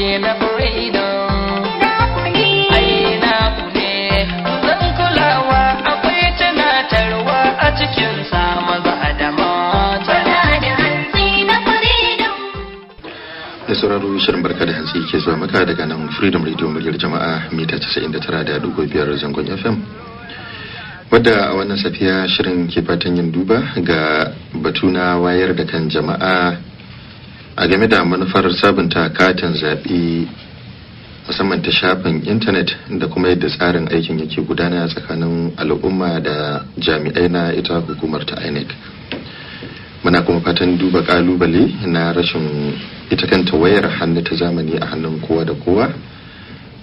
na burino ai na kule zan kulawa akwai tunatarwa a cikin sa maza da mata da sauraro shirin barka da hantsi ke zuwa maka daga nan freedom radio muryar jama'a mita 99.5 zangon fm wadda a wannan safiya shirin ke fatan yin duba ga batu na wayar da kan jama'a a game da manufar sabunta katin zaɓe musamman ta shafin intanet da kuma yadda tsarin aikin yake gudana tsakanin al'umma da jami'ai na ita hukumar ta inec muna kuma fatan duba kalubale na rashin ita kanta wayar hannu ta zamani a hannun kowa da kowa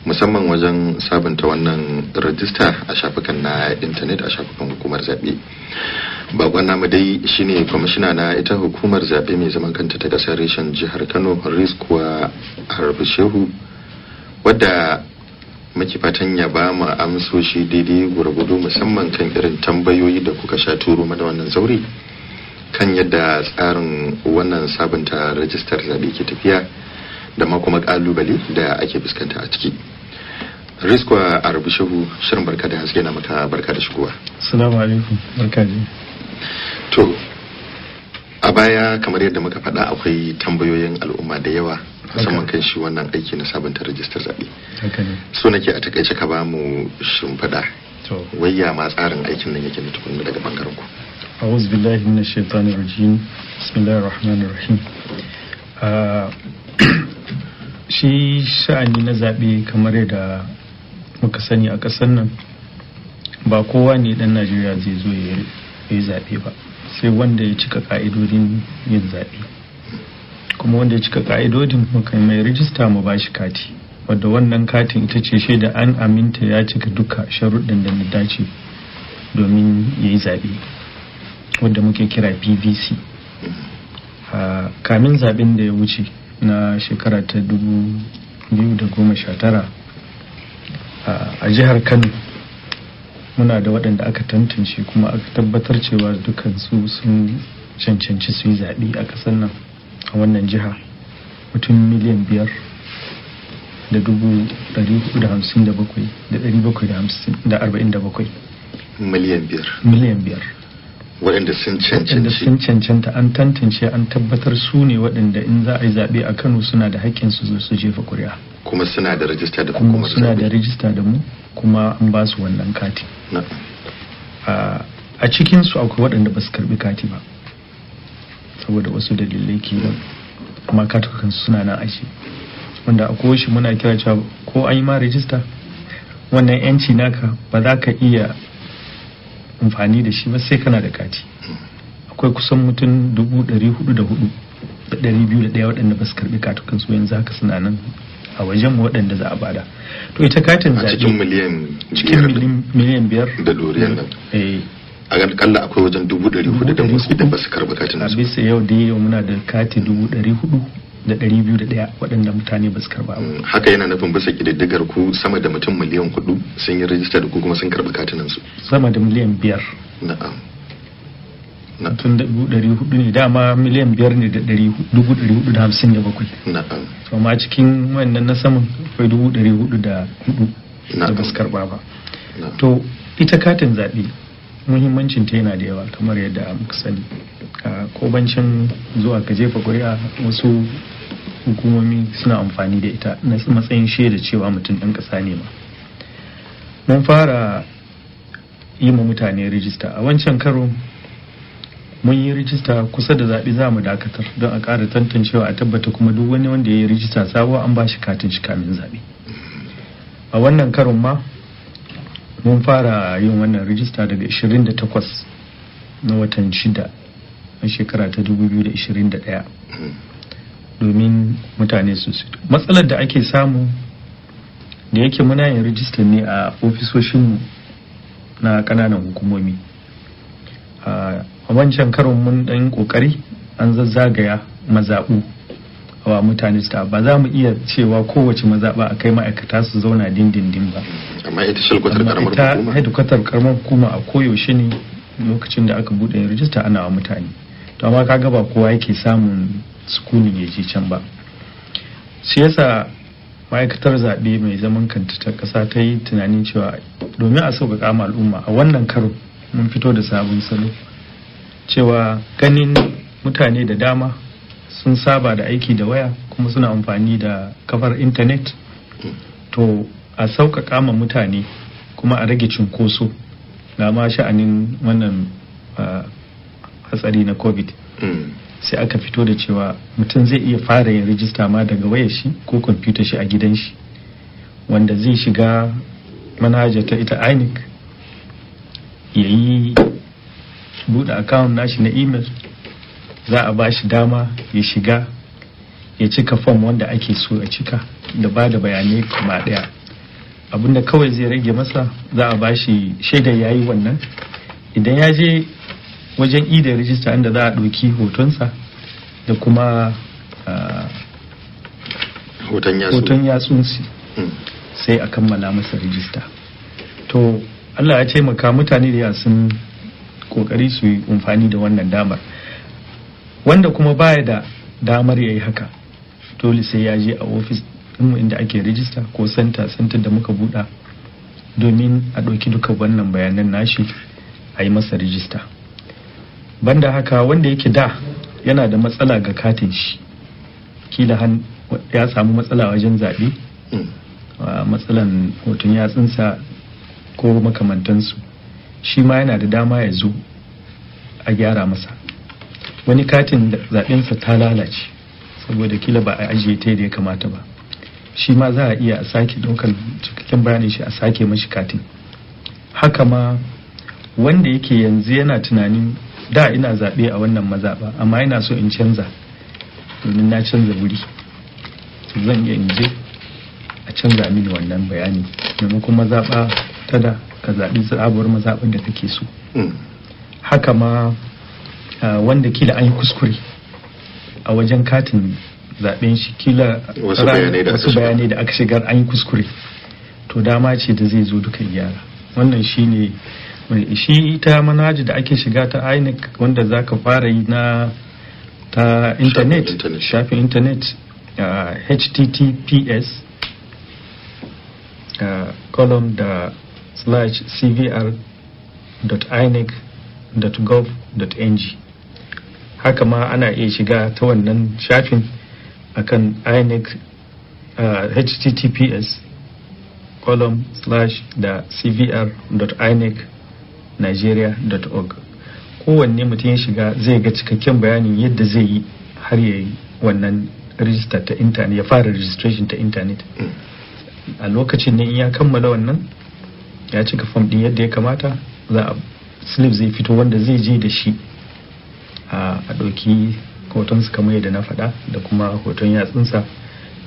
musamman wajen sabunta wannan rajista a shafukan na intanet a shafukan hukumar zaɓe bakon namu dai shine kwamishina na ita hukumar zaɓe mai zaman kanta ta ƙasar reshen jihar kano riskuwa harbi shehu wadda muke fatan ya ba mu amsoshi daidai gurgudu musamman kan irin tambayoyi da kuka sha turo mana wannan zauri kan yadda tsarin wannan sabunta rajistar zaɓe ke tafiya da ma kuma da ake fuskanta a ciki riskwa a rubu shirin barka da haske na maka barka da shigowa salamu alaikum to a baya kamar yadda muka faɗa akwai tambayoyin al'umma da yawa musamman kan shi wannan aiki na sabunta rajistar zaɓe so nake a takaice ka ba mu shimfiɗa wayya ma tsarin aikin nan yake na tukunna daga bangaren ku أعوذ بالله rahmanir rahim. Ah, shi sha'ani na zaɓe kamar yadda muka sani a ƙasar nan ba kowa ne ɗan najeriya zai zo ya yi yi zaɓe ba sai wanda ya cika ka'idodin yin zaɓe kuma wanda ya cika ka'idodin muka mai rijista mu ba shi kati wadda wannan katin ita ce shaida an aminta ya cika duka sharuɗin da na dace domin ya yi zaɓe wadda muke kira pvc kamin zaɓen da ya wuce na shekara ta 2019 a jihar kano muna da waɗanda aka tantance kuma aka tabbatar cewa dukansu sun cancanci su yi zaɓe a ƙasar nan a wannan jiha mutum miliyan biyar da dubu ɗari hudu da hamsin da bakwai da ɗari bakwai da hamsin da arba'in da bakwai miliyan biyar miliyan biyar waɗanda sun cancanta sun cancanta an tantance an tabbatar su ne waɗanda in za a yi zaɓe a kano suna da haƙƙin su zo su jefa ƙuri'a kuma suna da rajista da hukumar suna da rajista da mu kuma an ba su wannan kati a cikinsu akwai waɗanda ba su karɓi kati ba saboda wasu dalilai ke amma katukan suna nan ashe wanda a koshi muna kira cewa ko an yi ma rajista wannan yanci naka ba za ka iya amfani da shi ba sai kana da kati akwai kusan mutum dubu da hudu ɗaya waɗanda ba su karɓi katukan su yanzu haka suna nan a wajen mu waɗanda za a bada to ita katin zaɓe cikin miliyan cikin miliyan biyar da doriyan eh. a ga kalla akwai wajen dubu ɗari hudu da musu idan ba su karɓi katin a bisa yau da yau muna da kati dubu ɗari hudu da ɗari biyu da ɗaya waɗanda mutane ba su karɓa ba. Mm, haka yana nufin bisa ƙididdigar ku sama da mutum miliyan hudu sun yi rajista da ku kuma sun karɓi katinan su. sama da miliyan biyar. na'am tun dubu dari hudu ne dama miliyan biyar ne da dari dubu dari hudu da hamsin da bakwai to ma cikin wannan na saman akwai dubu dari hudu da hudu da su karɓa ba to ita katin zaɓe muhimmancin ta yana da yawa kamar yadda muka sani a kobancin zuwa ka jefa ƙuri'a wasu hukumomi suna amfani da ita na matsayin shaida cewa mutum ɗan ƙasa ne ma mun fara yi ma mutane rijista a wancan karo mun yi rijista kusa da zaɓe za mu dakatar don a ƙara tantancewa a tabbata kuma duk wani wanda ya yi rijista sabo an ba shi katin shi kamin zaɓe a wannan karon ma mun fara yin wannan rijista daga 28 na watan 6 na shekara ta 2021 domin mutane su matsalar da ake samu da yake muna yin rijista ne a ofisoshinmu na ƙananan hukumomi ah, a wancan karon mun ɗan ƙoƙari an zazzagaya mazaɓu wa mutane su ba za mu iya cewa kowace mazaɓa a kai ma'aikata su zauna dindindin ba amma ita shalkwatar karamar hukuma amma ita karamar hukuma a koyaushe ne lokacin da aka buɗe rijista ana wa mutane to amma kaga ba kowa yake samun sukunin ya je can ba shi yasa ma'aikatar zaɓe mai zaman kanta ta ƙasa ta yi tunanin cewa domin a sauƙaƙa ma al'umma a wannan karo mun fito da sabon salo cewa ganin mutane da dama sun saba da aiki da waya kuma suna amfani da kafar intanet to a sauƙaƙa ma mutane kuma a rage cunkoso na ma sha'anin wannan hatsari na covid mm. sai aka fito da cewa mutum zai iya fara yin rijista ma daga waya shi ko kwamfuta shi a gidan shi wanda zai shiga manhaja ta ita inec ya yi buɗe account nashi na email za a bashi dama ya shiga ya cika form wanda ake so a cika da ba da bayanai kuma ɗaya abinda kawai zai rage masa za a bashi shaidar yayi wannan idan ya je wajen ida register inda za a ɗauki hotonsa da kuma hoton yatsunsi hmm. sai a kammala masa register to allah ya taimaka mutane da sun kokari su yi amfani da wannan damar wanda kuma baya da damar ya yi haka dole sai ya je a ofis ɗinmu inda ake rijista ko santa santa da muka buɗa domin a ɗauki duka wannan bayanan nashi a yi masa rijista banda haka wanda yake da yana da matsala ga katin shi kila ya samu matsala wajen zaɓe hmm. matsalan hoton yatsunsa ko makamantansu shi ma yana da dama ya zo a gyara masa wani katin zaɓensa ta lalace saboda kila ba a ajiye ta da ya kamata ba shi ma za a iya a sake ɗaukar cikakken bayanin shi a sake mashi katin haka ma wanda yake yanzu yana tunanin da ina zaɓe a wannan mazaɓa amma yana so in canza domin na canza wuri zan iya in je a canza mini wannan bayani maimakon mazaɓa ta da ka zaɓi sabuwar mazaɓin da take so hmm. haka ma wanda kila an yi kuskure a wajen katin zaɓen shi kila wasu bayanai da aka shigar an yi kuskure to dama ce da zai zo duka gyara wannan shi ne shi ta manhaji da ake shiga ta inec wanda za ka fara yi na ta intanet shafin intanet https column da slash cvr.inec.gov.ng haka ma ana iya shiga ta wannan shafin akan inec uh, https column slash da cvr.inec.nigeria.org kowanne mutum ya shiga zai ga cikakken bayanin yadda zai yi har ya yi wannan rijista ta intanet ya fara registration ta intanet mm. a lokacin ne in ya kammala wannan ya cika fom din yadda ya kamata za a slip zai fito wanda zai je da shi a ɗauki su kamar yadda na faɗa da kuma hoton yatsunsa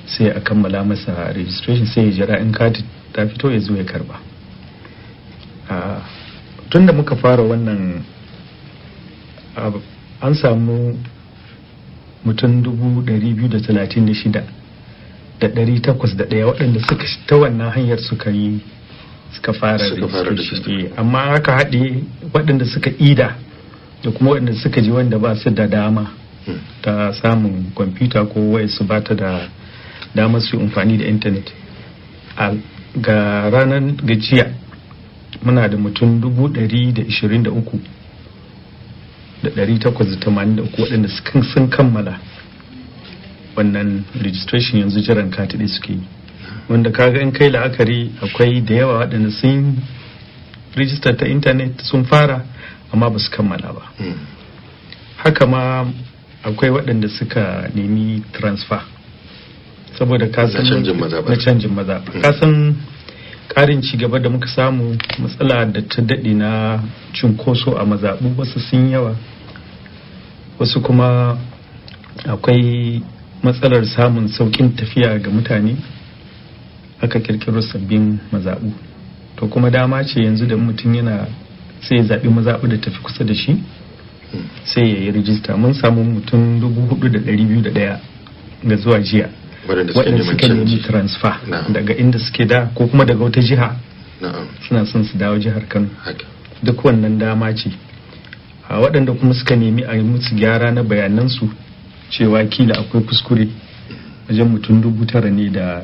sai a kammala masa registration sai ya jira in kati ta fito ya zo ya karba tun da muka fara wannan an samu mutum 236 da 801 waɗanda suka ta wannan hanyar suka yi suka fara registration eh, amma aka haɗe waɗanda suka ida da kuma waɗanda suka ji wanda ba su da dama hmm. ta samun kwamfuta ko wai su ba ta da damar su amfani da intanet ga ranar gajiya muna da mutum 123,883 waɗanda sun kammala wannan registration yanzu jiran kati suke yi wanda kaga in kai la'akari akwai da yawa waɗanda sun rijistar ta intanet sun fara amma ba su kammala ba hmm. haka ma akwai waɗanda suka nemi transfer saboda kasan na canjin mazaɓa hmm. kasan ƙarin cigaba da muka samu matsala da ta daɗe na cunkoso a mazaɓu wasu sun yawa wasu kuma akwai matsalar samun sauƙin tafiya ga mutane aka kirkiro sabbin mazaɓu to kuma dama ce yanzu da mutum yana sai ya zaɓi mazaɓu da tafi kusa da shi sai ya yi rijista mun samu mutum dubu hudu da ɗari biyu da ɗaya ga zuwa jiya waɗanda suka nemi transfer daga inda suke da ko kuma daga wata jiha suna son su dawo jihar kano duk wannan dama ce a waɗanda kuma suka nemi a yi musu gyara na bayanansu cewa kila akwai kuskure wajen mutum dubu tara ne da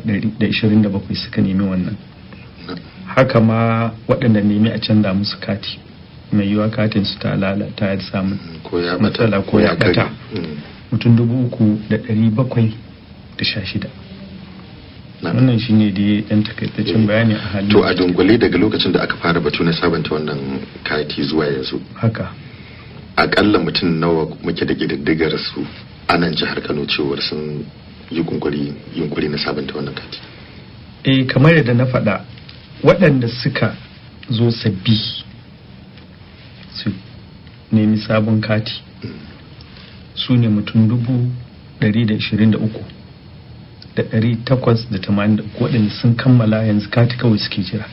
ishirin da bakwai suka nemi wannan haka ma waɗanda nemi a canza musu kati mai yiwa katin su ta lalata ya samu matsala ko ya ɓata mm. mutum dubu uku da ɗari bakwai da sha shida wannan shi ne dai ɗan takaitaccen mm. bayani a halin to a dungule daga lokacin da aka fara batu na sabanta wannan kati zuwa yanzu haka akalla mutum nawa muke da ƙididdigar su anan jihar kano cewar sun yi kunkuri yunkuri na sabanta wannan kati eh kamar yadda na faɗa waɗanda suka zo sabbi su nemi sabon kati su ne mutum dubu ɗari da ishirin da uku da ɗari takwas da tamanin da uku waɗanda sun kammala yanzu kati kawai suke jira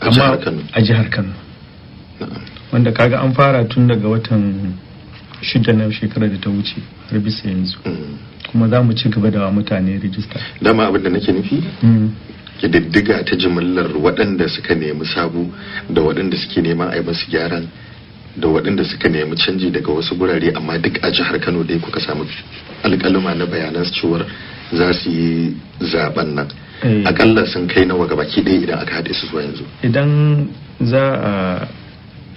amma a jihar kano wanda kaga an fara tun daga watan shida na shekarar da ta wuce har bisa yanzu mm. kuma za mu ci gaba da mutane rijista dama abin da nake nufi hmm. diddiga ta jimillar waɗanda suka nemi sabu da waɗanda suke neman a yi masu gyaran da waɗanda suka nemi canji daga wasu gurare amma duk a jihar kano dai kuka samu alƙaluma na bayanan cewar za su yi zaben nan eh. akalla sun kai nawa gaba ki ɗaya idan aka haɗe su zuwa yanzu idan za a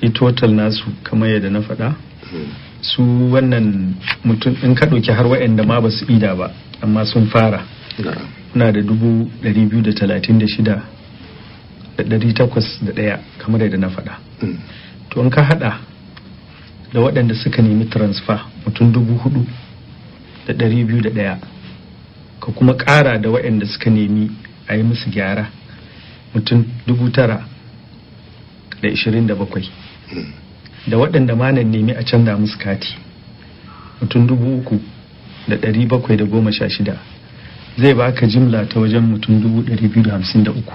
yi total nasu kamar yadda na faɗa hmm. su wannan mutum in ka ɗauki har waɗanda ma ba su ida ba amma sun fara na da dubu ɗari biyu da talatin da shida da ɗari takwas da ɗaya kamar yadda na faɗa to in ka haɗa da waɗanda suka nemi transfer mutum dubu hudu da ɗari biyu da ɗaya ka kuma ƙara da waɗanda suka nemi a yi musu gyara mutum dubu tara da ishirin da bakwai da waɗanda ma nan nemi a canza musu kati mutum dubu uku da ɗari bakwai da goma sha shida zai baka jimla ta wajen mutum dubu ɗari biyu da hamsin da uku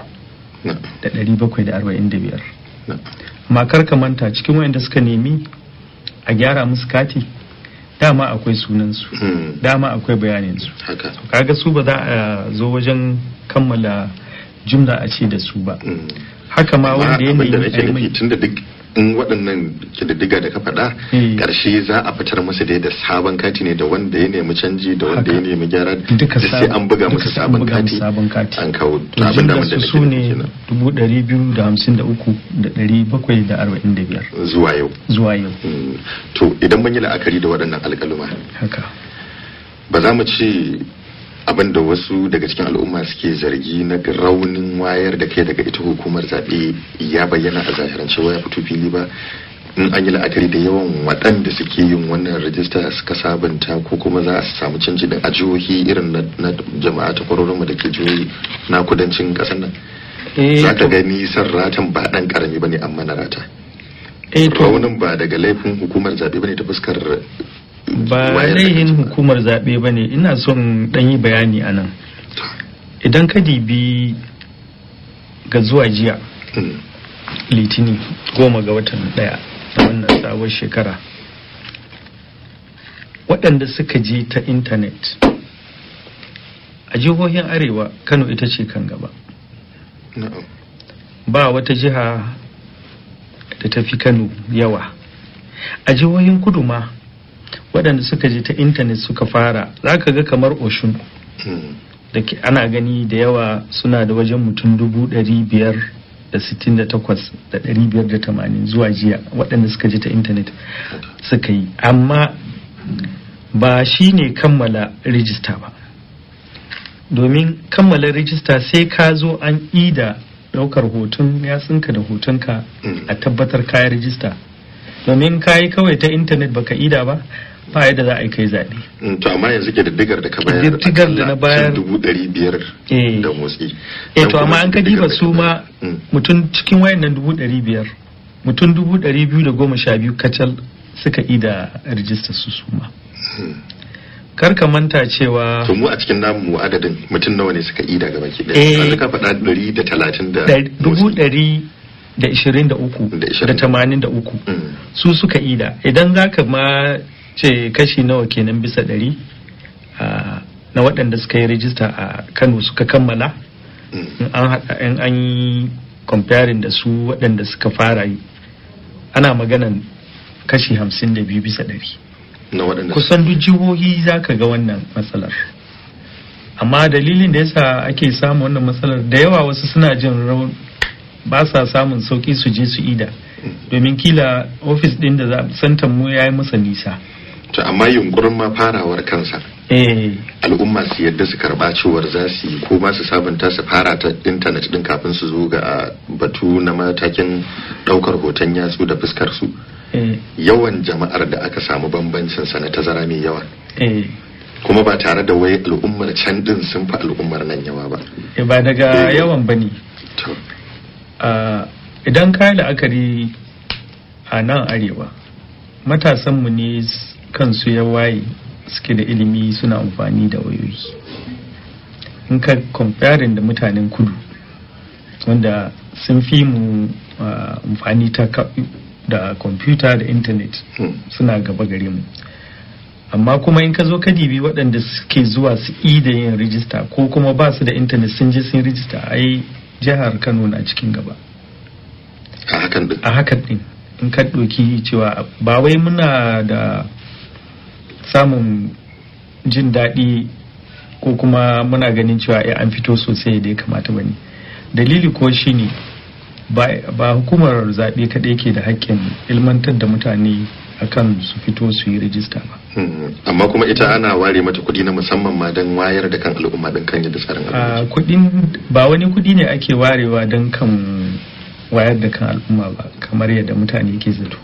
da ɗari bakwai da arba'in da biyar makar ka manta cikin wayanda suka nemi a gyara musu kati dama akwai sunansu hmm. dama akwai bayaninsu kaga su ba za a zo wajen kammala jimla a ce da su ba hmm. haka ma wanda ya nemi a yi mai in waɗannan kididdiga da ka faɗa eh. ƙarshe za a fitar musu da sabon kati ne da wanda ya nemi canji da wanda ya nemi gyara duka sai an buga musu sabon kati an kawo abin da da su ne dubu ɗari biyu da hamsin da uku da ɗari bakwai da arba'in da biyar zuwa yau zuwa yau mm. to idan mun yi la'akari da waɗannan alƙaluma haka ba za mu ce abin da wasu daga cikin al'umma suke zargi na raunin wayar da kai daga ita hukumar zaɓe ya bayyana a zahirance waya fito fili ba in an yi la'akari da yawan waɗanda suke yin wannan rajista suka sabunta ko kuma za a samu canji da jihohi irin na jama'a ta kwarorinmu da ke jihohi na kudancin ƙasar nan eh, za ka gani san ratan ba ɗan ƙarami ba ne amma na rata eh, raunin ba daga laifin hukumar zaɓe ba ne ta fuskar ba laihin hukumar zaɓe ba ne ina son ɗanyi yi bayani a nan idan ka dibi ga zuwa jiya hmm. litini goma ga watan ɗaya a wannan sabon shekara waɗanda suka je ta intanet a jihohin arewa kano ita ce kan gaba ba wata jiha da tafi kano yawa a jihohin kudu ma waɗanda suka je ta intanet suka fara za ka ga kamar oshun da ana gani da yawa suna da wajen mutum dubu tamanin zuwa jiya waɗanda suka je ta intanet suka yi amma ba shi ne kammala rijista ba domin kammala rijista sai ka zo an ida ɗaukar hoton yatsunka da hotonka a tabbatar kayan rijista domin ka yi kawai ta intanet baka ida ba ba yadda za a yi kai zaɓe. Mm, to amma yanzu ke diddigar da ka bayar diddigar da na bayar dubu ɗari biyar eh. da motsi eh to amma an ka diba su ma mm. mutum cikin wayannan dubu ɗari biyar mutum dubu ɗari biyu da goma sha biyu kacal suka ida rijistar su su ma mm. kar ka manta cewa to mu a cikin namu adadin mutum nawa ne suka ida gaba baki ɗaya eh. ka faɗa ɗari da talatin da dubu ɗari da 23 da 83 mm. su suka ida idan za ka ma ce kashi nawa kenan bisa dari na waɗanda suka yi rijista a kano suka kammala mm. in an yi comparing da su waɗanda suka fara yi ana maganan kashi 52 bisa dari kusan duk jihohi za ka ga wannan matsalar amma dalilin da yasa ake samu wannan matsalar da yawa wasu suna jin ba sa samun sauki su je su ida domin kila ofis ɗin da za santan mu yi masa nisa to amma yunkurin ma farawar kansa eh. al'umma su yadda su karba cewar za su yi ko ba su sabunta su fara ta intanet din kafin su zo ga batu na matakin daukar hoton yatsu da fuskar su eh. yawan jama'ar da aka samu bambancin sa na tazara mai yawa eh. kuma ba tare da wai al'ummar can din sun fi al'ummar nan yawa ba ba daga yawan bane idan ka la'akari a nan arewa matasanmu ne kansu ya waye suke da ilimi suna amfani da wayoyi in ka comparing da mutanen kudu wanda sun fi mu amfani ta da kwamfuta da intanet hmm. suna gaba gare mu amma kuma in ka zo ka dibi waɗanda suke zuwa su da yin rijista ko kuma ba su da intanet sun je sun rijista ai jihar kano na cikin gaba a hakan din a hakan din in ka ɗoki cewa ba wai muna da samun jin daɗi ko kuma muna ganin cewa ya eh, an fito sosai da ya kamata ba ne dalili ko shi ne ba hukumar zaɓe kaɗai ke da hakkin ilmantar da mutane akan su fito su yi rijista ba Hmm. amma kuma ita ana ware mata kuɗi na musamman ma don wayar da kan al'umma don kan yadda tsarin al'umma ah, ba wani kuɗi ne ake warewa don kan wayar da kan al'umma ba kamar yadda mutane ke zato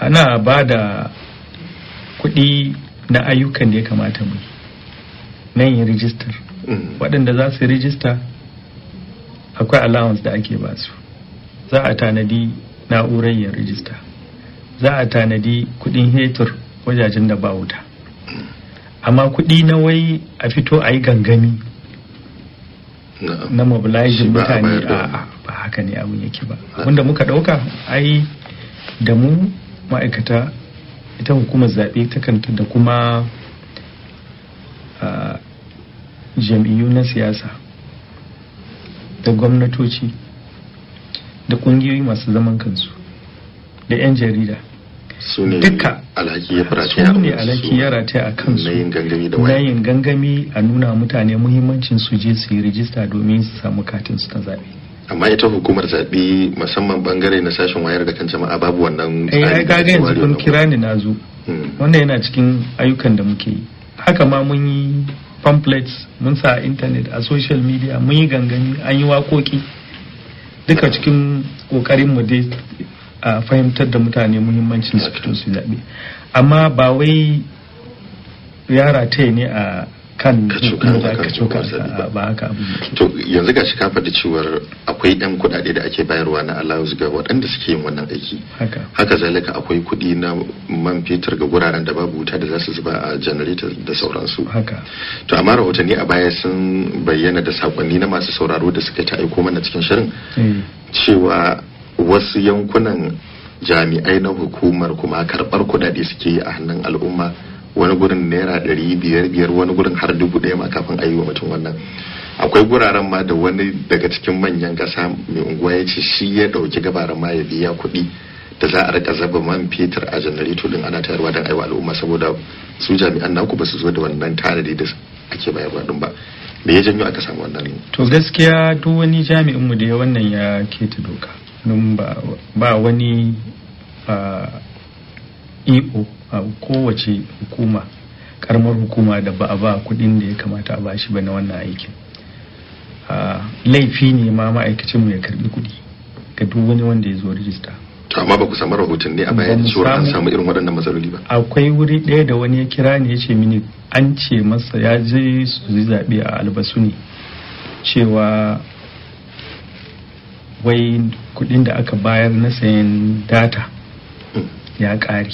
ana ba da kuɗi na ayyukan da ya kamata mu nan yin rijistar hmm. waɗanda za su rijista akwai allowance da ake ba su za a tanadi na'urar yin rijista za a tanadi kuɗin hetur wajajen da ba wuta amma kudi na wai a fito a yi gangami na mobilizing mutane ba haka ne abin yake ba wanda muka ɗauka ai da mu ma'aikata ita hukumar zaɓe ta kanta da kuma jam'iyyu na siyasa da gwamnatoci da ƙungiyoyi masu zaman kansu da 'yan jarida duka su ne alhaki ya rataya a kansu na yin gangami a nuna mutane muhimmancin su je su yi rijista domin su samu katin su na zaɓe amma ita hukumar zaɓe musamman bangare na sashen wayar da kan jama'a babu wannan eh, tsari ai yanzu kun kira ni na zo hmm. yana cikin ayyukan da muke yi haka ma mun yi pamphlets mun sa a intanet a social media mun yi gangami an yi waƙoƙi duka cikin kokarin mu dai a fahimtar da mutane muhimmancin su fito su zaɓe amma ba wai yara ta ne a kan ba haka to yanzu ga shi ka faɗi cewar akwai ɗan kuɗaɗe da ake bayarwa na allowance ga waɗanda suke yin wannan aiki haka zalika akwai kuɗi na man fetur ga guraren da babu wuta da za su zuba a janareta da sauransu to amma rahotanni a baya sun bayyana da sakonni na masu sauraro da suka ta aiko mana cikin shirin eh. cewa wasu yankunan jami'ai na hukumar kuma karbar kuɗaɗe suke yi a hannun al'umma wani gurin naira ɗari biyar biyar wani gurin har dubu ɗaya ma kafin a yi wa mutum wannan akwai guraren ma da wani daga cikin manyan ƙasa mai unguwa ya ce shi ya ɗauki gabaran ma ya biya kuɗi da za a rika zaba man fetur a janareto din ana tayarwa don aiwa al'umma saboda su jami'an naku ba su zo da wannan tanadi da ake bayarwa din ba me ya janyo aka samu wannan to gaskiya duk wani jami'in mu da ya wannan ya keta doka hannun ba wani iko a kowace hukuma karamar hukuma da ba a ba kudin da ya kamata a bashi ba na wannan aikin laifi ne ma ma'aikacin mu ya karbi kudi ga duk wani wanda ya zo rijista to amma ba ku samu ne a bayan cewa an samu irin waɗannan matsaloli ba akwai wuri ɗaya da wani ya kira ne ya ce mini an ce masa ya je su zaɓe a albasu ne cewa wai kudin da aka bayar na sayan data ya ƙare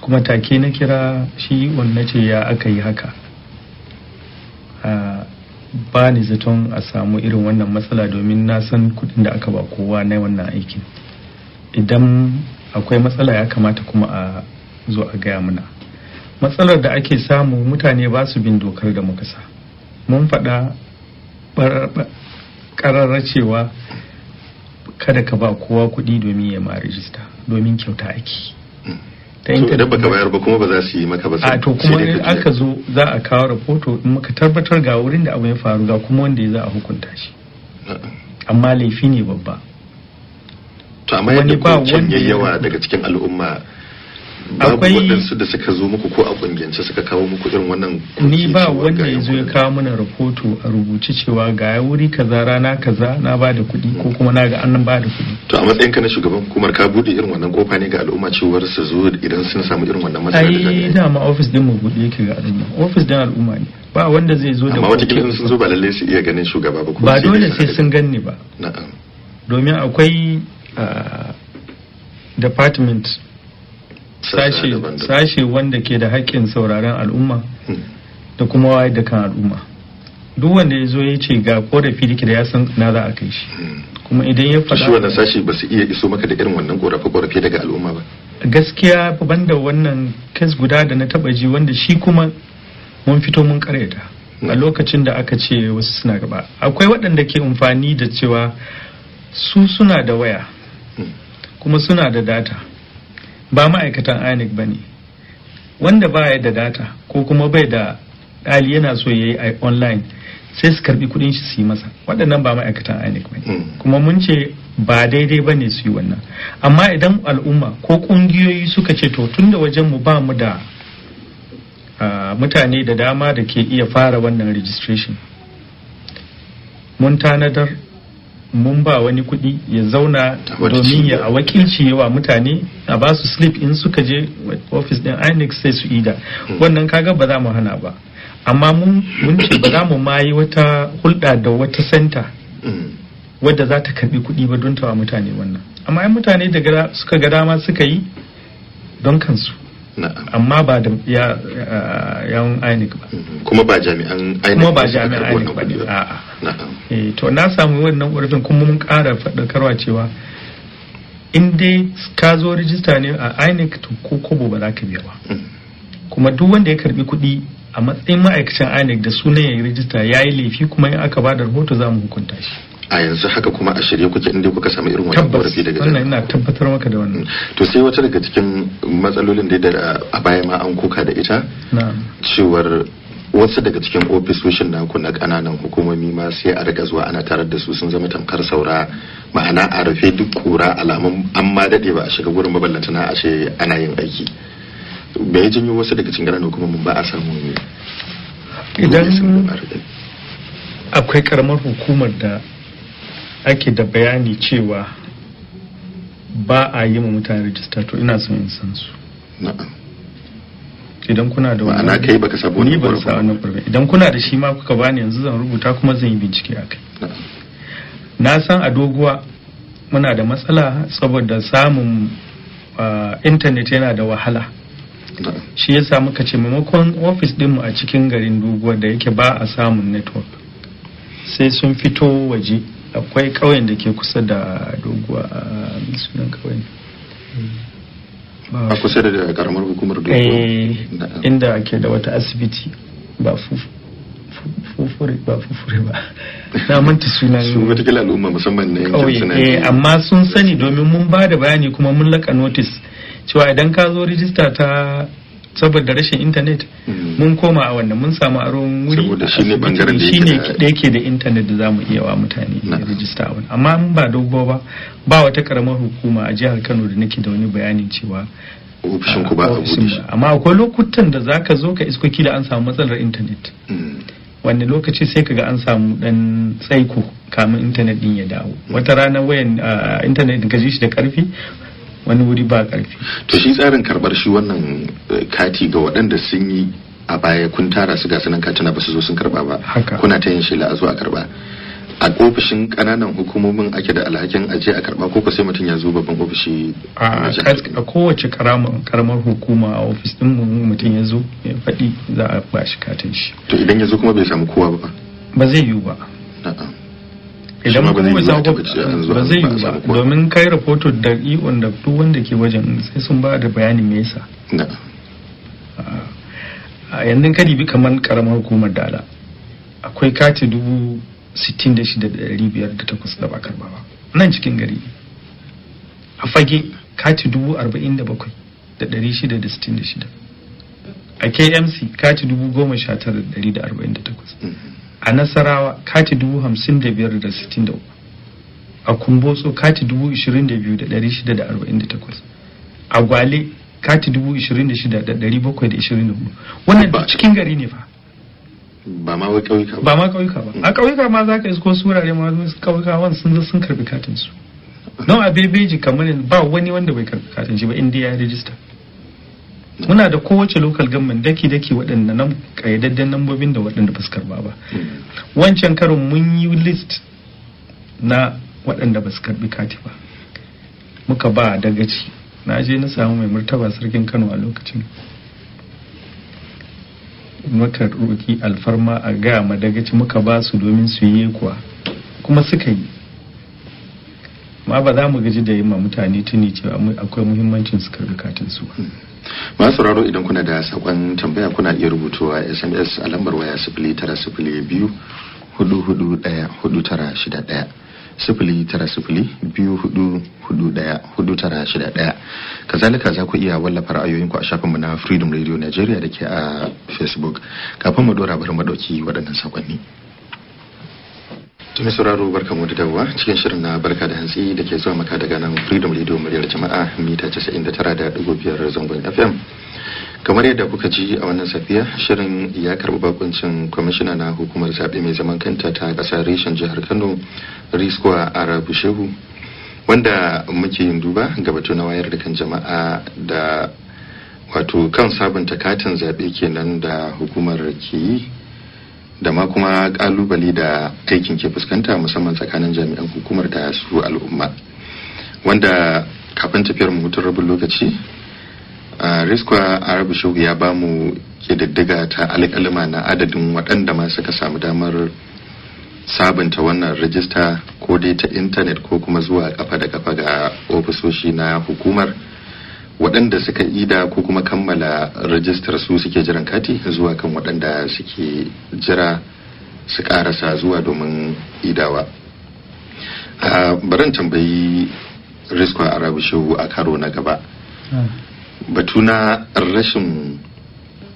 kuma take na kira shi na ce ya aka yi haka ba ni zaton a samu irin wannan matsala domin na san kudin da aka ba kowa na wannan aikin idan akwai matsala ya kamata kuma a zo a gaya mana matsalar da ake samu mutane ba su bin dokar da muka sa mun faɗa ƙararra cewa kada ka ba kowa kuɗi domin ya ma rijista domin kyauta ake hmm. ta intanet baka bayar ba kuma ba za su yi maka ba sai to kuma in aka zo za a kawo rahoto in muka tabbatar ga wurin da abu ya faru ga kuma wanda ya za a hukunta shi ah. amma laifi ne babba to amma yadda kuncin yawa daga cikin al'umma akwai waɗansu da suka zo muku ko a kungiyance suka kawo muku irin wannan ni ba wanda ya zo ya kawo mana rahoto a rubuce cewa ga wuri kaza rana kaza na ba da kuɗi ko kuma na ga annan ba da kuɗi to a matsayin ka na shugaban hukumar ka bude irin wannan kofa ne ga al'umma cewar su zo idan sun samu irin wannan matsala ai ma office din mu bude yake ga al'umma office din al'umma ne ba wanda zai zo da amma wata kila sun zo ba lallai su iya ganin shugaba ba ba dole sai sun ganni ba na'am domin akwai ah, department sashe wanda ke da haƙƙin sauraron al'umma hmm. da kuma wayar da kan al'umma duk wanda ya zo ya ce ga korafi da ke da ya san na za a kai shi hmm. kuma idan ya faɗa shi wannan sashe ba su iya iso maka da irin wannan korafi korafi daga al'umma ba gaskiya banda wannan kes guda da na taba ji wanda shi kuma mun fito mun karyata a hmm. lokacin da aka ce wasu suna gaba akwai waɗanda ke amfani da cewa su suna da waya kuma suna da data ba ma'aikatan INEC ba ne wanda baya da data ko kuma bai da ɗali yana so ya yi online sai su karbi kudin shi su yi masa waɗannan ba ma'aikatan INEC ba ne hmm. kuma mun ce ba daidai ba ne su yi wannan amma idan al'umma ko ƙungiyoyi suka ce to tun da wajen mu ba mu da mutane da dama da ke iya fara wannan registration mun tanadar mun ba wani kuɗi ya zauna domin ya a wakilci wa mutane a ba su slip in suka je ofis din inec sai su ida hmm. wannan kaga ba za mu hana ba amma mun ce ba za mu mayi wata hulɗa da wata senta hmm. wadda za ta karbi kuɗi ba don tawa mutane wannan amma yan mutane da suka ga dama suka yi don kansu amma ba da yan INEC ba kuma ba jami'an INEC kuma ba jami'an INEC ba a'a eh, to na samu wannan ƙorafin kuma mun ƙara faɗakarwa cewa in dai ka zo rijista ne a INEC to ko kobo ba za ka biya ba mm. kuma duk wanda ya karbi kuɗi a matsayin ma'aikacin INEC da sunan ya yi rijista ya yi laifi kuma in aka ba da rahoto za mu hukunta shi a yanzu haka kuma a shirye kuke inda kuka samu irin wannan korafi daga wannan ina tabbatar maka da wannan to sai wata daga cikin matsalolin da a baya ma an kuka da ita cewar wasu daga cikin ofisoshin naku na kananan hukumomi ma sai a riga zuwa ana tarar da su sun zama tamkar saura ma'ana a rufe duk kura alamun an ma dade ba a shiga gurin maballanta na ashe ana yin aiki bai jinyo wasu daga cikin kananan hukumomin ba a samu idan akwai karamar hukumar da ake da bayani cewa ba a yi ma mutane rijista to ina son in san su idan kuna da wani kai baka sabo ni ban sa wannan farko idan kuna da shi ma kuka bani yanzu zan rubuta kuma zan yi bincike akai na san a doguwa muna da matsala saboda samun ah, intanet yana da wahala shi yasa muka ce maimakon ofis dinmu a cikin garin doguwa da yake ba a samun network sai sun fito waje akwai ƙauyen da ke kusa da doguwa a sunan ƙauyen a kusa da karamar hukumar doguwa eh, inda ake da wata asibiti ba fufure ba fufure ba na manta sunan su watakila al'umma musamman na yankin eh amma sun sani domin mun ba da bayani kuma mun laka notice cewa idan ka zo rijista ta saboda rashin intanet hmm. mun koma a wannan mun samu aron wuri saboda shi ne bangaren da yake da yake da intanet da zamu iya wa mutane rijista wani amma mun ba dogo ba ba wata karamar hukuma a jihar Kano da nake da wani bayanin cewa ofishin ku ba amma akwai lokutan da zaka zo ka iskoki da an samu matsalar intanet hmm. wani lokaci sai kaga an samu dan tsaiko kamin intanet din ya dawo wata rana wayan ah, intanet ka ji shi da karfi wani wuri ba karfi to shi tsarin karbar shi wannan eh, kati ga waɗanda sun yi a baya kun tara su ga sanan katina ba su zo sun karba ba kuna ta yin shi a a karba a ofishin kananan hukumomin ake da alhakin aje a karba ko sai mutum ya zo babban ofishi a kowace karamar hukuma a ofis din mutum ya zo ya faɗi za a bashi katin shi to idan ya zo kuma bai samu kowa ba ba zai yiwu ba idan kuma ba za ba zai yi ba domin kai rahoto da ion da duk wanda ke wajen sai sun ba da bayanin me yasa a yanzu kadi bi kamar karamar hukumar dala akwai kati dubu sittin da shida da dari biyar da takwas da ba karbawa nan cikin gari a fage kati dubu arba'in da bakwai da dari shida da sittin da shida a kmc kati dubu goma sha tara da dari da arba'in da takwas mm-hmm. a nasarawa kati dubu hamsin da biyar da sittin da uku a kumbotso kati dubu ishirin da biyu da ɗari shida da arba'in da takwas a gwale kati dubu ishirin da shida da ɗari bakwai da ishirin da hudu wannan duk cikin gari ne fa ba ma wai ƙauyuka ba ma ƙauyuka ba a ƙauyuka ma za ka isko su wurare ma ƙauyuka wani sun zo sun karɓi katin su a bebeji kamar ba wani wanda bai karɓi katin shi ba inda ya rijista muna da kowace lokal government daki daki waɗanda nan ƙayyadadden nambobin da waɗanda ba ba hmm. wancan karin mun yi list na waɗanda ba su karbi kati ba muka ba dagaci na je na samu mai murtaba sarkin kano a lokacin muka roƙi alfarma a gaya ma dagaci muka ba su domin su yi kuwa kuma suka yi ma ba za mu gaji da yi ma mutane tuni cewa akwai muhimmancin su karbi katin su ba hmm. masu sauraro idan kuna da sakon tambaya kuna iya rubutuwa sms a lambar waya sifili tara sifili biyu hudu hudu daya hudu tara shida daya sifili tara sifili biyu hudu hudu daya hudu tara shida daya kazalika za ku iya wallafa ra'ayoyinku a shafinmu na freedom radio nigeria da ke a facebook kafin mu dora bari madauki waɗannan sakonni. tuni sauraro barka mu da dawowa cikin shirin na barka da hantsi da ke zuwa maka daga nan Freedom Radio muryar jama'a mita 99.5 zangon FM. Kamar yadda kuka ji a wannan safiya shirin ya karbi bakuncin kwamishina na hukumar zaɓe mai zaman kanta ta ƙasar reshen jihar Kano Rizkwa Arabu Shehu wanda muke yin duba ga batu na wayar da kan jama'a da wato kan sabunta katin zaɓe kenan da hukumar ke yi da ma kuma kalubale da aikin ke fuskanta musamman tsakanin jami'an hukumar da su al'umma wanda kafin tafiyar mu hutun rabin lokaci a riskwa arabu shehu ya ba mu ta alƙalima na adadin waɗanda ma suka samu damar sabunta wannan rajista ko dai ta intanet ko kuma zuwa kafa da kafa ga ofisoshi na hukumar waɗanda suka ida ko kuma kammala rajistar su suke jiran kati zuwa kan waɗanda suke jira su ƙarasa zuwa domin idawa a baran tambayi riskwa arabu shehu a karo na gaba hmm. batu na rashin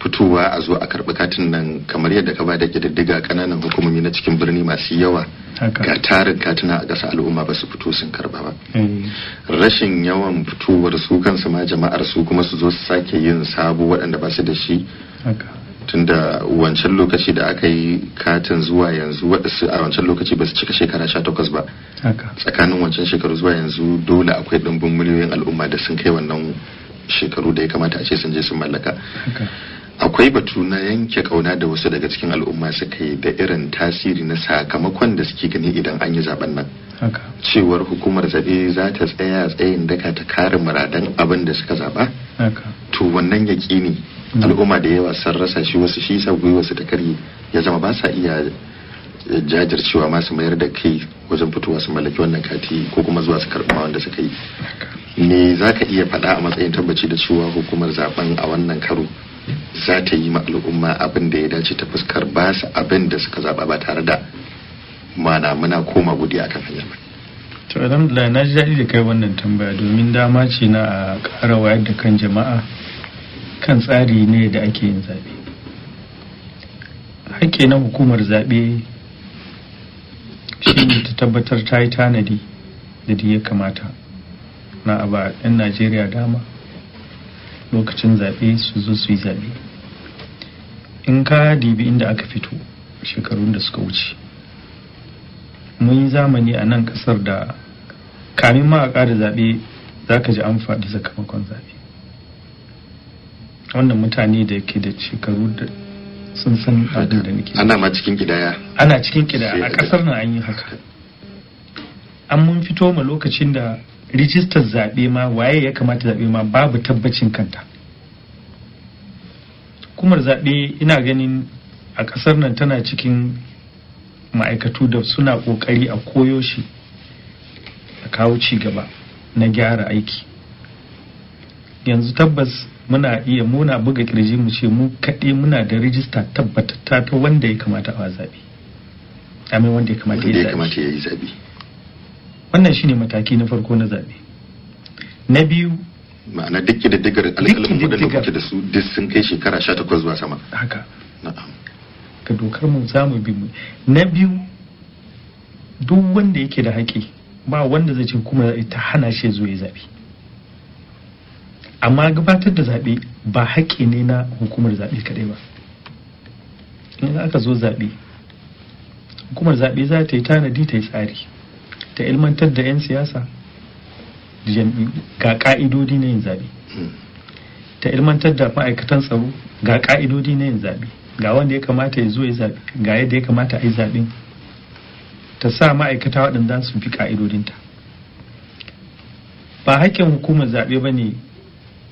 fitowa a zo a karbi katin nan kamar yadda ka bada ƙididdiga kananan hukumomi na cikin birni masu yawa ga tarin katina a gasa al'umma ba su fito sun karɓa ba eh. rashin yawan fitowar su kansu ma jama'ar su kuma su zo su sake yin sabo waɗanda ba su da shi tunda wancan lokaci da aka yi katin zuwa yanzu a wancan lokaci ba su cika shekara sha takwas ba tsakanin wancan shekaru zuwa yanzu dole akwai ɗumbin miliyoyin al'umma da sun kai wannan shekaru da ya kamata a ce sun je sun mallaka akwai batu na yanke kauna da wasu daga cikin al'umma suka yi da irin tasiri na sakamakon da suke gani idan an yi zaben nan cewar hukumar zaɓe za ta tsaya tsayin daka ta kare muradan abin da suka zaɓa to wannan ne. Mm. al'umma da yawa sun rasa shi wasu shi sa gwiwa su ta karye ya zama ba sa iya eh, jajircewa masu mayar da kai wajen fitowa su mallaki wannan kati ko kuma zuwa su karɓa wanda suka yi me za ka iya faɗa a matsayin tabbaci da cewa hukumar zaben a wannan karo za ta yi ma al'umma abin da ya dace ta fuskar ba su abin da suka zaba ba tare da mana muna koma gudi akan hanyar to alhamdulillah na ji daɗi da kai wannan tambaya domin dama ce na a ƙara wayar da kan jama'a kan tsari ne da ake yin zaɓe hakki na hukumar zaɓe shi ne ta tabbatar ta yi tanadi da ya kamata na ba 'yan najeriya dama lokacin zaɓe su zo su yi zaɓe in ka dibi inda aka fito shekarun da suka wuce mun yi zamani a nan ƙasar da kamin ma a ƙara zaɓe za ka ji an faɗi sakamakon zaɓe wannan mutane da ke da shekaru da sun san abin da nake ana ma cikin kidaya ana cikin kidaya a ƙasar nan an yi haka an mun fito ma lokacin da rijistar zaɓe ma waye ya kamata zaɓe ma babu tabbacin kanta hukumar zaɓe ina ganin a ƙasar nan tana cikin ma'aikatu da suna ƙoƙari a koyo shi a kawo cigaba na gyara aiki yanzu tabbas muna iya muna buga ƙirji mu ce mu kaɗai muna da rijista tabbatatta ta wanda ya kamata a zaɓe amin wanda ya kamata ya yi zaɓe wannan shine mataki na farko na zabe na biyu ma'ana duk da alƙalin mu da kuke da su duk sun kai shekara 18 zuwa sama haka na'am ka dokar mu za mu bi mu na biyu duk wanda yake da haƙi ba wanda zai ce kuma ta hana shi zuwa zabe amma gabatar da zabe ba haƙi ne na hukumar zabe kadai ba in aka zo zabe hukumar zabe za ta yi tanadi ta yi tsari ta ilmantar da 'yan siyasa ga ka'idodi na yin zaɓe hmm. ta ilmantar da ma'aikatan tsaro ga ka'idodi na yin zaɓe ga wanda ya kamata ya zo ya zaɓe ga yadda ya kamata a yi zaɓen ta sa ma'aikata waɗanda su fi ka'idodinta ba hakkin hukumar zaɓe ba ne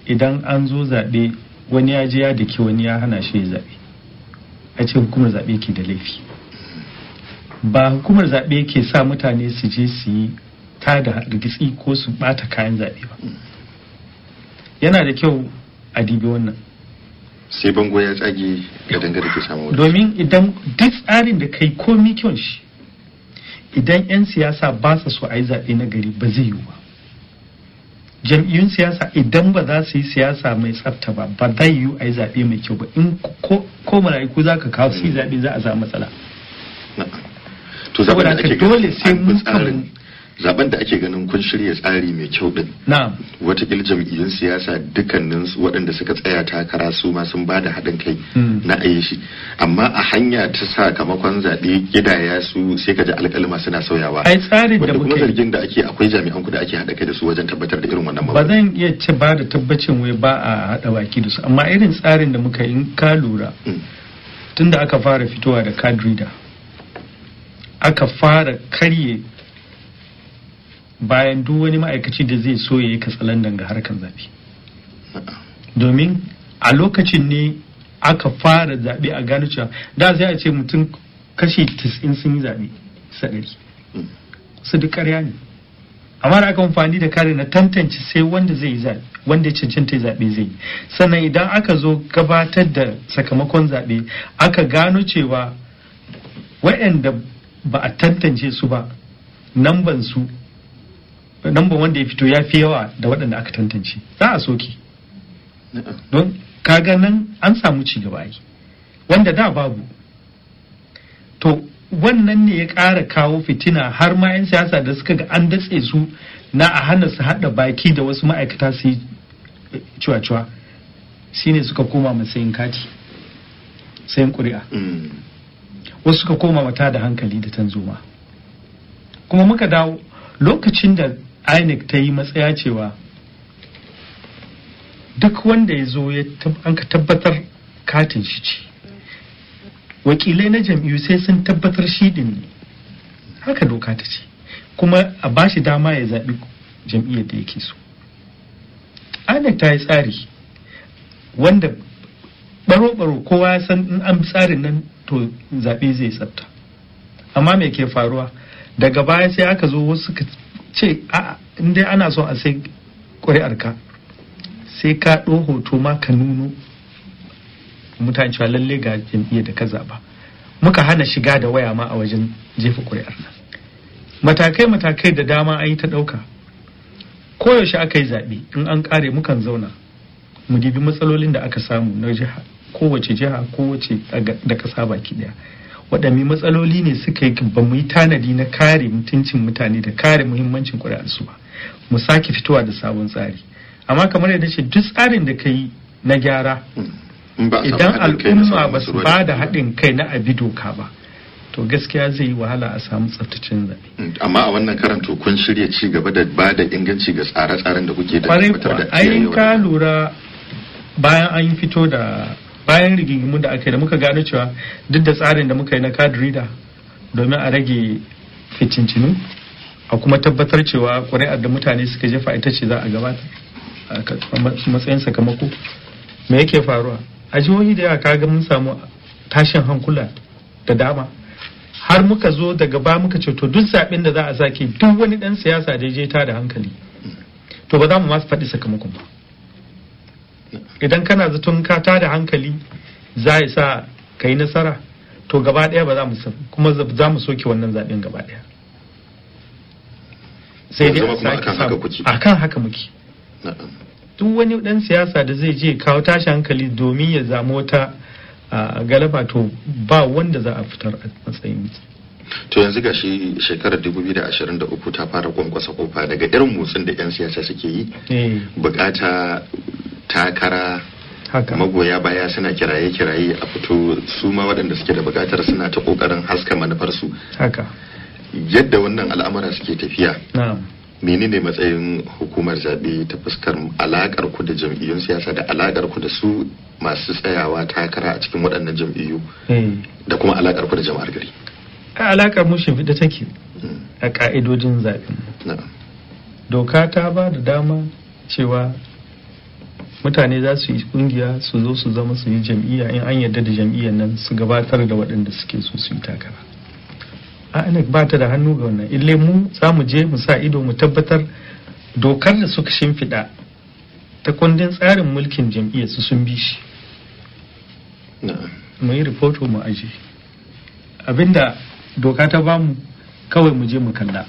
idan an zo zaɓe wani ya je ya dake wani ya hana shi ya zaɓe a ce hukumar zaɓe ke da laifi ba hukumar zaɓe ke sa mutane su je su yi ta da rigitsi ko su bata kayan zaɓe ba yana da kyau a dibi wannan sai bango ya tsage ga dangane ke samu domin idan duk tsarin da kai komi kyan shi idan 'yan siyasa ba su so a yi zaɓe na gari ba zai yiwu ba jam'iyyun siyasa idan ba za su yi siyasa mai tsafta ba ba zai yiwu a yi zaɓe mai kyau ba in ko ko za ka kawo su yi zaɓe za a za matsala to saboda haka dole sai mun tsarin zaben da ake ganin kun shirya tsari mai kyau din watakil jam'iyyun siyasa dukkanin waɗanda suka tsaya takara su ma sun bada haɗin kai hmm. na ayi shi amma a hanya ta sakamakon zaɓe gidaya su sai kaji alƙalma alƙalima suna sauyawa ai tsarin da kuma zargin da ake akwai jami'an ku da ake haɗa kai da su wajen tabbatar da irin wannan ba zan iya ce ba da tabbacin wai ba a haɗa baki da su amma irin tsarin da muka in ka lura hmm. tunda aka fara fitowa da kadrida aka fara karye bayan duk wani ma'aikaci da zai so ya yi katsalandan ga harkar zaɓe domin a lokacin ne aka fara zaɓe a gano cewa da sai a ce mutum kashi 90 sun yi zaɓe sadari su duk ƙarya ne amma da aka amfani da kare na tantance sai wanda zai yi zaɓe wanda cancanta zaɓe zai yi sannan idan aka zo gabatar da sakamakon zaɓe aka gano cewa waɗanda ba a tantance su ba namban su namban wanda ya fito ya fi yawa da waɗanda aka tantance za a soke don kaga nan an samu ci gaba yi wanda da babu to wannan ne ya ƙara kawo fitina har ma 'yan siyasa da suka ga an datse su na a hana su haɗa baki da wasu ma'aikata su yi eh, cuwa-cuwa shine suka koma masayin kati sayan ƙuri'a mm. wasu ka koma mata da hankali da tanzoma kuma muka dawo lokacin da inec ta yi matsaya cewa duk wanda ya zo an ka tabbatar katin shi ce wakilai na jam'iyyu sai sun tabbatar shi din ne haka doka ta ce kuma a ba shi dama ya zaɓi jam'iyyar da yake so inec ta yi tsari wanda baro-baro kowa ya san in an tsarin nan to zaɓe zai tsafta amma me ke faruwa daga baya sai aka zo wasu suka ce in dai ana so a sai ƙuri'ar ka sai ka ɗo hoto ma ka nuno mutane cewa lalle ga jam'iyyar da ka zaɓa muka hana shiga da waya ma a wajen jefa ƙuri'ar nan matakai-matakai da dama an yi ta ɗauka koyaushe aka yi zaɓe in an ƙare mukan zauna mu dibi matsalolin da aka samu na jiha kowace jiha kowace da kasa baki ɗaya waɗanne matsaloli ne suka yi ba mu yi tanadi na kare mutuncin mutane da kare muhimmancin ƙuri'arsu ba mu sake fitowa da sabon tsari amma kamar yadda ce duk tsarin da ka yi na gyara mm. idan al'umma ba su ba da haɗin kai na abi doka ba to gaskiya zai yi wahala a samu tsaftacin zaɓe. Mm. amma a wannan karanto kun shirya ci gaba da ba da inganci ga tsare-tsaren da kuke da tabbatar da ayin ka lura bayan an fito da bayan rigingimu da aka yi da muka gano cewa duk da tsarin da muka yi na card reader domin a rage fitincinu a kuma tabbatar cewa ƙuri'ar da mutane suka jefa ita ce za a gabata a matsayin sakamako me yake faruwa a jihohi da yawa kaga mun samu tashin hankula da dama har muka zo daga ba muka ce to duk zaɓen da za a sake duk wani ɗan siyasa da ya je ta da hankali to ba za mu masu faɗi sakamakon ba idan kana zaton ka tada hankali za a sa ka yi nasara to gaba ɗaya ba za mu san kuma za mu soke wannan zaɓen gaba ɗaya sai dai a sake a kan haka muke duk wani ɗan siyasa da zai je kawo tashi hankali domin ya zamo wata galaba to ba wanda za a fitar a matsayin to yanzu ga shi shekarar 2023 ta fara kwankwasa kofa daga irin motsin da 'yan siyasa suke yi eh. bukata takara magoya baya suna kiraye-kiraye a fito su ma waɗanda suke da buƙatar suna ta ƙoƙarin haska manufarsu yadda wannan al'amura suke tafiya menene matsayin hukumar zaɓe ta fuskar alaƙar ku da jam'iyyun siyasa da alaƙar ku da su masu tsayawa takara a cikin waɗannan jam'iyyu eh. da kuma alaƙar ku da jama'ar gari alaƙar mu shimfiɗa take hmm. a ƙa'idojin zaɓe doka ta ba da dama cewa mutane za su yi kungiya su zo su zama su yi jam'iyya in an yarda da jam'iyyar nan su gabatar da waɗanda suke so su yi takara inek ba ta da hannu ga wannan ille mu za mu je mu sa ido mu tabbatar dokar da suka shimfiɗa ta kundin tsarin mulkin jam'iyyar su sun bi shi mu yi rahoto mu aji. abinda doka ta bamu kawai mu je mu kalla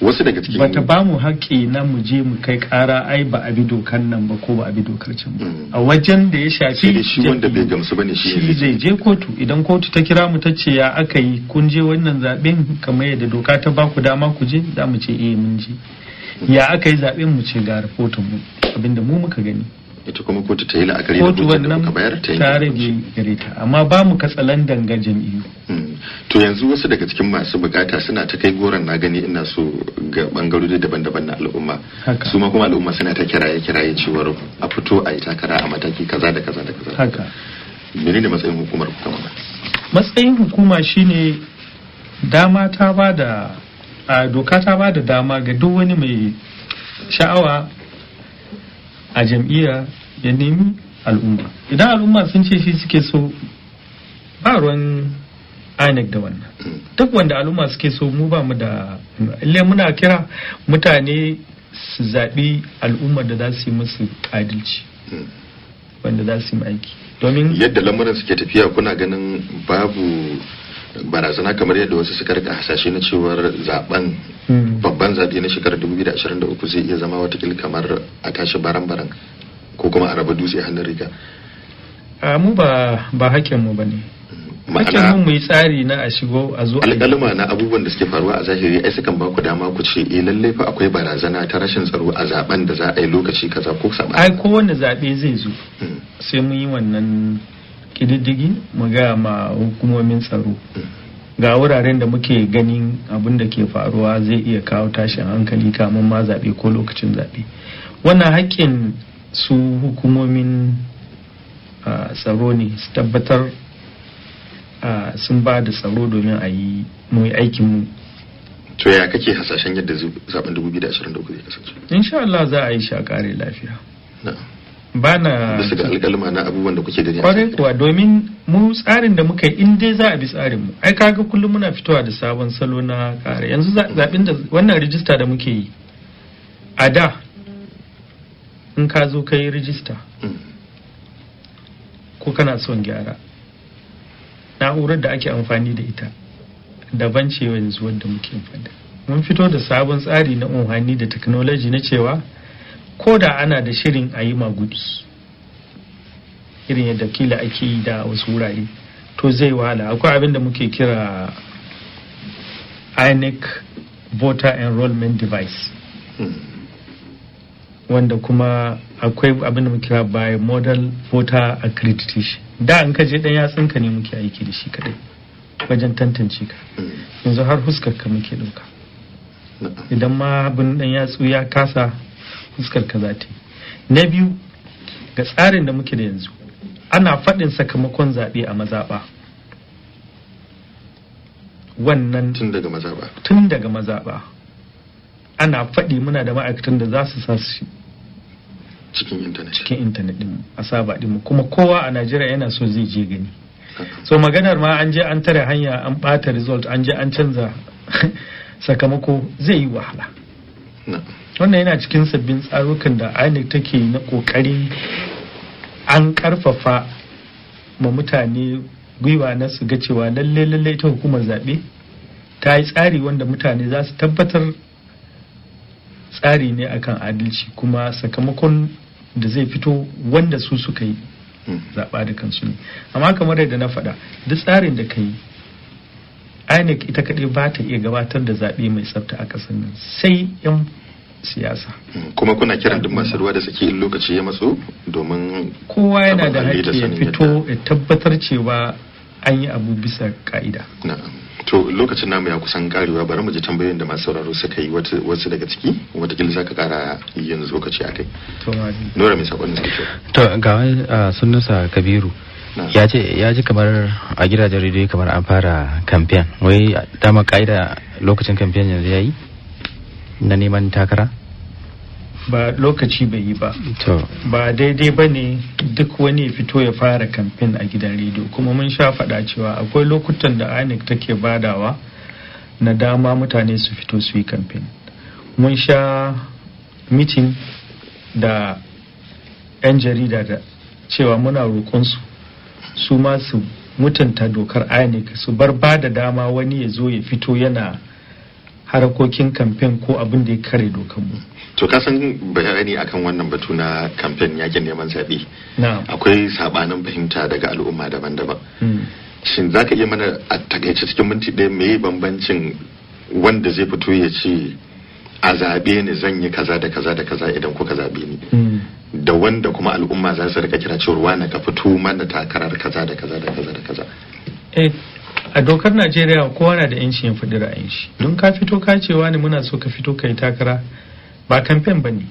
wasu daga cikin bata ba mu haƙƙi na mu je mu kai ƙara ai ba a bi dokan nan ba ko ba a bi dokar can ba mm. a wajen da ya shafi shi wanda bai gamsu bane shi zai je kotu idan kotu ta kira mu ta ce ya aka yi kun je wannan zaben kamar yadda doka ta ba ku dama ku je za mu ce eh mun je mm. ya aka yi zaben mu ce ga rahoton mu abinda mu muka gani ita kuma kotu ta yi la'akari da hujjar da muka bayar ta yi tare gare ta amma ba mu katsalandan ga jam'iyyu hmm. to yanzu wasu daga cikin masu bukata suna ta kai goron na gani ina so ga bangarori daban-daban na al'umma su ma kuma al'umma suna ta kiraye kiraye cewar a fito a yi takara a mataki kaza da kaza da kaza haka menene matsayin hukumar kuma matsayin hukuma shine dama ta ba da a doka ta ba da dama ga duk wani mai sha'awa a jam'iyyar ya nemi al'umma idan al'umma sun ce shi suke so ba ruwan INEC da wannan duk wanda al'umma suke so mu ba mu da ile muna kira mutane su zaɓi al'umma da za su yi musu adalci wanda za su yi aiki domin yadda lamuran suke tafiya kuna ganin babu barazana kamar yadda wasu suka rika hasashe na cewar zaben hmm. babban zaɓe na shekarar 2023 zai iya zama watakila kamar a tashi baran-baran ko kuma a raba dutse hannun riga mu ba ba hakkin mu bane ma'ana mu muyi tsari na a shigo a zo alƙalma na abubuwan da suke faruwa a zahiri ai sukan ba ku dama ku ce eh lalle fa akwai barazana ta rashin tsaro a zaben da za a yi lokaci kaza ko saba ai kowanne zabe zai zo hmm. sai mun yi wannan kididdigi mu ga ma hukumomin tsaro hmm. ga wuraren da muke ganin abin da ke faruwa zai iya kawo tashin hankali kamun ma zaɓe ko lokacin zaɓe wannan haƙƙin su hukumomin tsaro ne su tabbatar sun ba da tsaro domin a yi mai aikinmu to ya kake hasashen yadda zaben 2023 zai kasance insha Allah za a yi shi a kare lafiya ba na bisa ga alƙalma na abubuwan da kuke gani kwarai kuwa domin mu tsarin da muka yi in dai za a bi tsarin mu ai kaga kullum muna fitowa da sabon salo na kare yanzu zaɓen da wannan rijista da muke yi a da in ka zo ka yi rijista mm. ko kana son gyara na'urar da ake amfani da ita daban ce yanzu wadda muke fada mun fito da sabon tsari na unhani da technology na cewa ko da ana da shirin a yi magudi irin yadda kila ake yi da wasu wurare to zai wahala akwai abin da muke kira inec voter enrollment device mm. wanda kuma akwai abin da muke by model voter accreditation da an kaje dan yatsun ka ne muke aiki da shi kadai wajen tantance ka hmm. yanzu har huskar ka muke dauka idan ma abin dan yatsu ya kasa huskar ka za ta na biyu ga tsarin da muke da yanzu ana faɗin sakamakon zaɓe a mazaɓa wannan tun daga mazaɓa tun daga mazaɓa ana faɗi muna da ma'aikatan da za su sa su cikin intanet cikin intanet din a saba din kuma kowa a Najeriya yana so zai je gani so maganar ma an je an tare hanya an bata result an je an canza sakamako zai yi wahala wannan yana cikin sabbin tsarukan da INEC take na kokari an karfafa ma mutane gwiwa na su ga cewa lalle lalle ta hukumar zaɓe ta yi tsari wanda mutane za su tabbatar tsari ne akan adalci kuma sakamakon da zai fito wanda su suka yi hmm. zaɓa da kansu ne amma kamar yadda na faɗa duk tsarin da ka yi inec ita kaɗai ba ta iya gabatar da zaɓe mai tsafta a ƙasar nan sai yan siyasa hmm. kuma kuna kiran duk masu ruwa da suke in lokaci ya matso domin kowa yana da haƙƙi ya fito ya tabbatar cewa an yi abu bisa ka'ida to lokacin namu ya kusan karewa bari mu ji tambayoyin da masu sauraro suka yi wasu daga ciki wata za ka kara yin lokaci a kai nura mai sakon da to ga sunansa kabiru ya ce ya ji kamar a gidajen rediyo kamar an fara kamfen wai dama ka'ida lokacin kamfen yanzu ya yi na neman takara ba lokaci bai yi ba ba daidai ba ne duk wani ya fito ya fara kamfen a gidan rediyo kuma mun sha faɗa cewa akwai lokutan da inec take badawa na dama mutane su fito su yi kamfen mun sha mitin da 'yan jarida da cewa muna roƙonsu su ma su mutunta dokar inec su bar ba da dama wani ya zo ya fito yana harakokin kamfen ko abin da ya kare mu. to ka kasan bayani akan wannan batu na kamfen yakin neman zaɓe akwai sabanin fahimta daga al'umma daban-daban hmm. shin za ka iya mana a takaice cikin minti ɗaya me bambancin wanda zai fito ya ce a zaɓe ni zan yi kaza da kaza da kaza idan kuka zaɓe ni hmm. da wanda kuma al'umma za su rika kira cewa na ka fito mana takarar kaza da kaza da kaza da kaza eh, a dokar najeriya kowa na da yancin ya faɗi ra'ayin shi don ka fito ka cewa ne muna so ka fito ka yi takara ba kamfen ba ne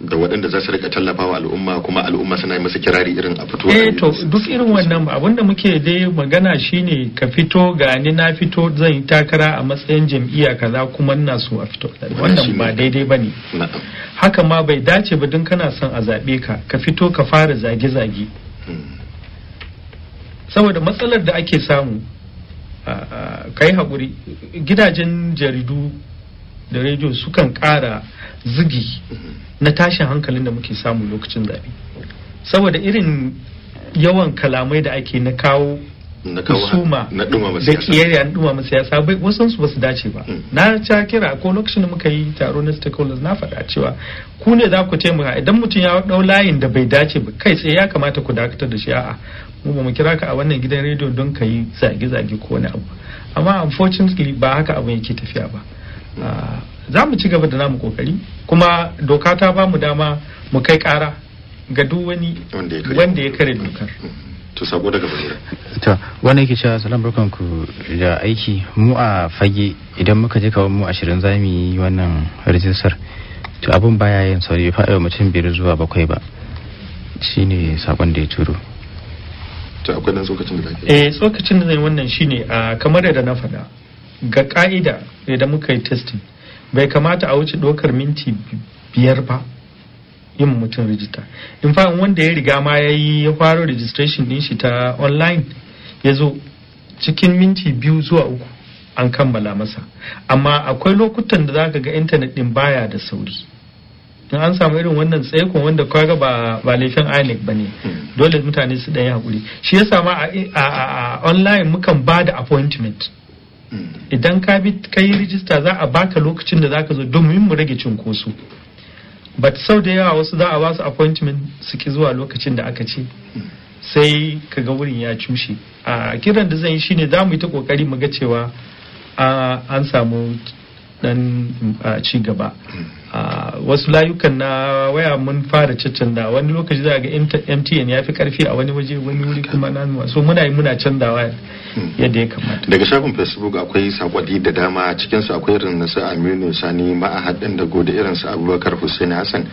da waɗanda za su rika tallafawa al'umma kuma al'umma suna yi masa kirari irin a fito eh to duk irin wannan ba da muke dai magana shine ka fito ga ni na fito zan yi takara a matsayin jam'iyya kaza kuma ina so a fito wannan ba daidai ba ne. haka ma bai dace ba don kana son a zaɓe ka ka fito ka fara zage-zage hmm. saboda matsalar da ake samu kai hakuri gidajen jaridu da rediyo sukan kara zigi mm-hmm. na tashin hankalin da muke samu lokacin zaɓe saboda irin yawan kalamai da ake na kawo husuma da kiyayya na dumama siyasa bai wasan su basu dace ba mm. na ta kira ko lokacin da muka yi taro na stakeholders na faɗa cewa ku ne za ku taimaka idan mutum ya dau layin da bai dace ba kai tsaye ya kamata ku dakatar da shi a'a mu ba mu kira ka a wannan gidan rediyo don ka yi zage-zage ko wani abu amma unfortunately ba haka abin yake tafiya ba ah, za mu ci gaba da namu kokari kuma doka ta ba mu dama mu kai kara ga duk wani wanda ya kare dokar to sako daga wani yake cewa salam barkan ku da aiki mu a fage idan muka je kawo mu ashirin za mu yi wannan rajistar to abun baya yin sauri fa mutum biyar zuwa bakwai ba shine sakon da ya turo to akwai nan tsokacin da eh tsokacin da zai wannan shine a kamar da na faɗa ga ka'ida idan muka yi testing bai kamata a wuce dokar minti biyar ba yin mutum rijista in fa wanda ya riga ma ya yi ya faro registration din shi ta online ya zo cikin minti biyu zuwa uku an kammala masa amma akwai lokutan da zaka ga intanet din baya da sauri in an samu irin wannan tsaikon wanda kaga ba ba laifin INEC ne hmm. dole mutane su dan yi hakuri shi yasa ma a online mukan ba da appointment hmm. idan ka bi ka yi rijista za a baka lokacin da zaka zo domin mu rage cinkoso but sau da yawa wasu za a ba su appointment su ki zuwa lokacin da aka ce hmm. sai ka ga wurin ya cushe a kiran da zan yi shine za mu yi ta kokari mu ga cewa an samu dan ci gaba wasu layukan na waya mun fara cancanda wani lokaci za ga mtn ya fi karfi a wani waje wani wuri kuma na so muna yi muna canzawa yadda ya kamata daga shafin facebook akwai sakwadi da dama cikin cikinsu akwai irin nasa aminu sani ma'ahad din da gode irin su abubakar hussein hassan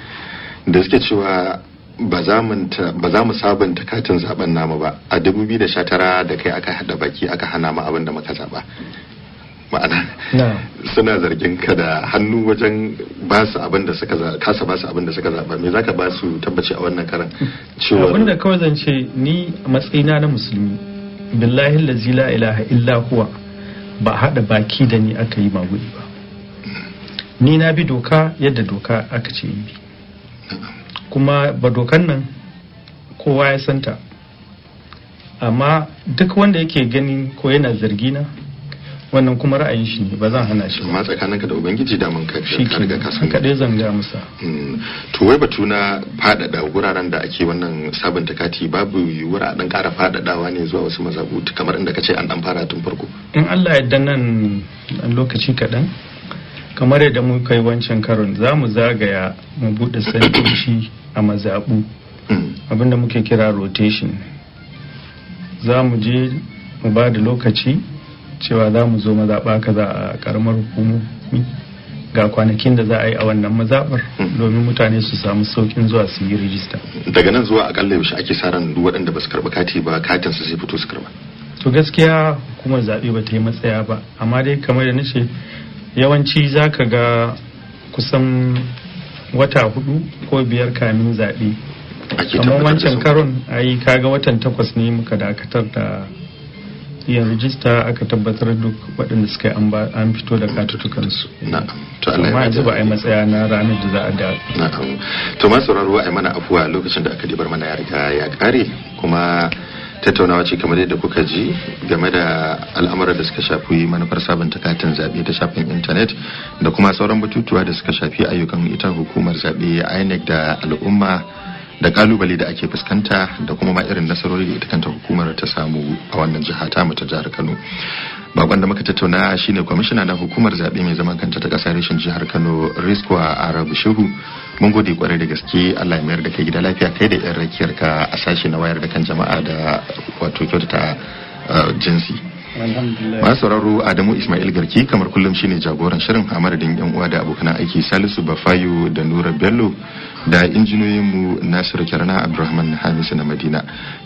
da suke cewa ba za mu sabunta katin zaben namu ba a 2019 da kai aka hada baki aka hana mu abin da muka zaba ma'ana suna zargin ka da hannu wajen ba su abin da suka kasa ba su abin da suka zaba me zaka ba su tabbaci a wannan karan cewa abin da kawai zan ce ni a matsayina na musulmi billahi lazi la ilaha illa huwa ba hada baki da ni aka yi magudi ba ni na bi doka yadda doka aka ce in bi kuma ba dokan nan kowa ya santa amma duk wanda yake gani ko yana zargina wannan kuma ra'ayin shi ne ba zan hana shi amma tsakaninka da ubangiji da mun ka riga ka san ka zan ga musa mm. to wai batu na fadada wuraren da ake wannan sabunta kati babu yiwuwar a dan kara fadadawa ne zuwa wasu mazabutu kamar inda kace an dan fara tun farko in Allah ya yarda nan lokaci kadan kamar yadda mu kai wancan karon za mu zagaya mu bude shi a mazabu mm. abinda muke kira rotation za mu je mu ba da lokaci cewa za mu zo mazaɓa kaza a ƙaramar hukumomi ga kwanakin da za a yi a wannan mazaɓar domin mutane su samu saukin zuwa su yi rijista daga nan zuwa akalla yaushe ake sa ran duk waɗanda ba su karɓi kati ba katin su sai fito su karɓa to gaskiya hukumar zaɓe ba ta yi matsaya ba amma dai kamar da nace yawanci za ka ga kusan wata hudu ko biyar kamin zaɓe amma wancan karon ayi kaga watan takwas ne muka dakatar da iya rijista aka tabbatar duk waɗanda suka an fito da katutukansu to Allah ya ba a yi matsaya na ranar da za a da na'am to ma sauraro a mana afuwa lokacin da aka dibar mana ya riga ya kare kuma tattaunawa ce kamar yadda kuka ji game da al'amuran da suka shafi manufar sabunta katin zaɓe ta shafin intanet da kuma sauran batutuwa da suka shafi ayyukan ita hukumar zaɓe inec da al'umma da kalubale da ake fuskanta da kuma ma irin nasarori da ita kanta hukumar ta samu a wannan jiha ta mu ta jihar Kano bakon da muka tattauna shine kwamishina na hukumar zaɓe mai zaman kanta ta ƙasar rashin jihar Kano riskwa Arabu Shehu mun gode kwarai da gaske Allah ya mayar da kai gida lafiya kai da yan rakiyar ka a sashe na wayar da kan jama'a da wato kyautata eh, jinsi masu sauraro adamu ismail garki kamar kullum shine jagoran shirin a madadin yan uwa da abokan aiki salisu bafayo da nura bello da injiniyoyinmu nasiru kirana Abdurrahman hamisu na madina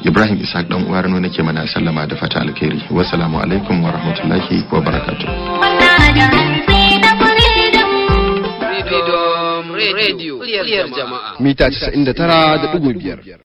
ibrahim isaac ɗan uwa rano nake mana sallama da fata alkhairi wasalamu alaikum wa rahmatullahi wa barakatu mita 99.5